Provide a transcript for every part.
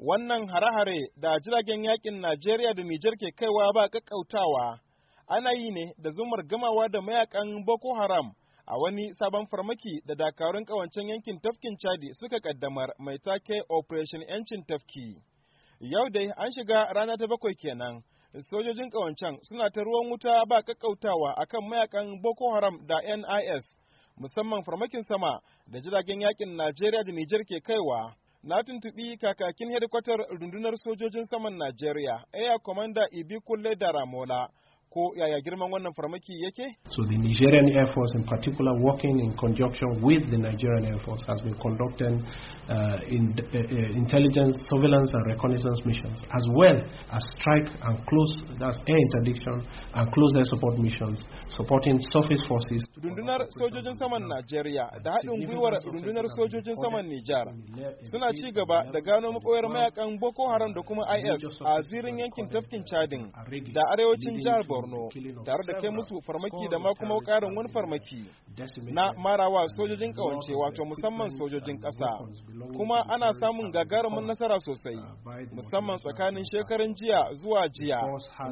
wannan hare-hare da jiragen yakin Najeriya da Nijar ke kaiwa ba kakkautawa ana yi ne da zumar gamawa da mayakan Boko Haram a wani sabon farmaki da dakarun kawancen yankin tafkin Chadi suka kaddamar mai take Operation Yancin Tafki. Yau dai an shiga rana ta bakwai kenan. Sojojin kawancen suna ta ruwan wuta ba kakkautawa akan mayakan Boko Haram da NIS musamman farmakin sama da jiragen yakin Najeriya da Nijar ke kaiwa. Na tuntuɓi kakakin hedikwatar rundunar sojojin saman Najeriya, Air Commander Ibi Kulle da Ramola, ko yaya girman wannan farmaki yake? So the Nigerian Air Force in particular working in conjunction with the Nigerian Air Force has been conducting uh, in, uh, intelligence, surveillance and reconnaissance missions as well as strike and close that's air interdiction and close air support missions supporting surface forces. Rundunar sojojin saman Najeriya da haɗin gwiwar rundunar sojojin saman Nijar suna ci gaba da gano makoyar mayakan Boko Haram da kuma IS a zirin yankin tafkin Chadin da arewacin Jarbo. borno tare da kai musu farmaki da ma kuma karin wani farmaki na marawa sojojin kawance wato musamman sojojin uh, ƙasa kuma ana samun gagarumin nasara sosai uh, musamman tsakanin shekarun jiya zuwa jiya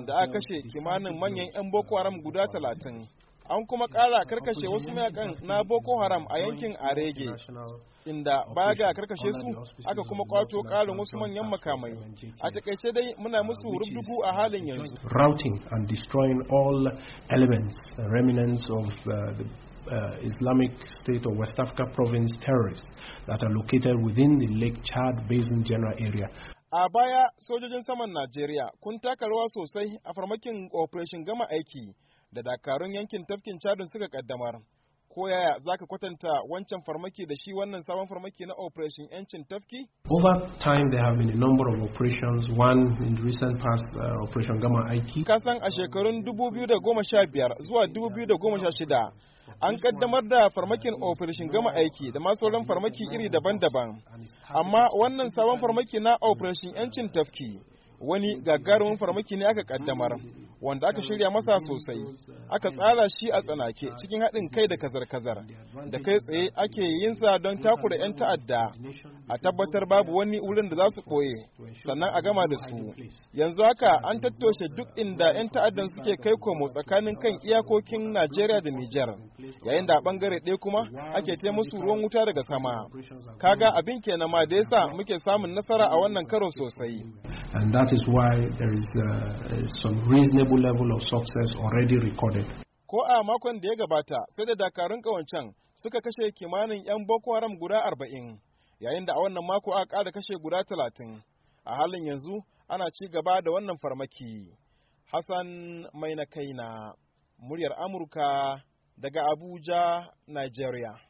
da aka kashe kimanin manyan 'yan boko haram guda talatin an kuma kara karkashe wasu mayakan na boko haram a yankin arege inda baya ga karkashe su aka kuma kwato karin wasu manyan makamai a takaice dai muna musu rubdugu a halin yanzu routing and destroying all elements uh, remnants of uh, the Uh, Islamic State or West Africa province terrorists that are located within the Lake Chad Basin general area. A baya sojojin saman Najeriya kun taka rawa sosai a farmakin Operation Gama Aiki da dakarun yankin tafkin chadin suka kaddamar ko yaya za ka kwatanta wancan farmaki da shi wannan sabon farmaki na operation yancin tafki? over time there have been a number of operations one in the recent past uh, operation gama aiki kasan a shekarun 2015 zuwa 2016 an kaddamar da farmakin operation gama aiki da ma sauran farmaki iri daban-daban amma wannan sabon farmaki na operation yancin tafki wani gagarumin farmaki ne aka kaddamar wanda aka shirya masa sosai aka tsara shi a tsanake cikin haɗin kai da kazar-kazar da kai tsaye ake yin sa don takura 'yan ta'adda a tabbatar babu wani wurin da za su koye sannan a gama da su yanzu haka an tattoshe duk inda 'yan ta'addan suke kai komo tsakanin kan iyakokin najeriya da nijar yayin da a bangare ɗaya kuma ake ce musu ruwan wuta daga sama kaga abin kenan ma da yasa muke samun nasara a wannan karo sosai And that is why there is uh, some reasonable level of success already recorded. Ko a makon da ya gabata sai da dakarun kawancan suka kashe kimanin 'yan Boko Haram guda arba'in, yayin da a wannan mako aka ƙara kashe guda talatin, A halin yanzu ana ci gaba da wannan farmaki. Hassan mai na kaina, muryar Amurka daga Abuja, Nigeria.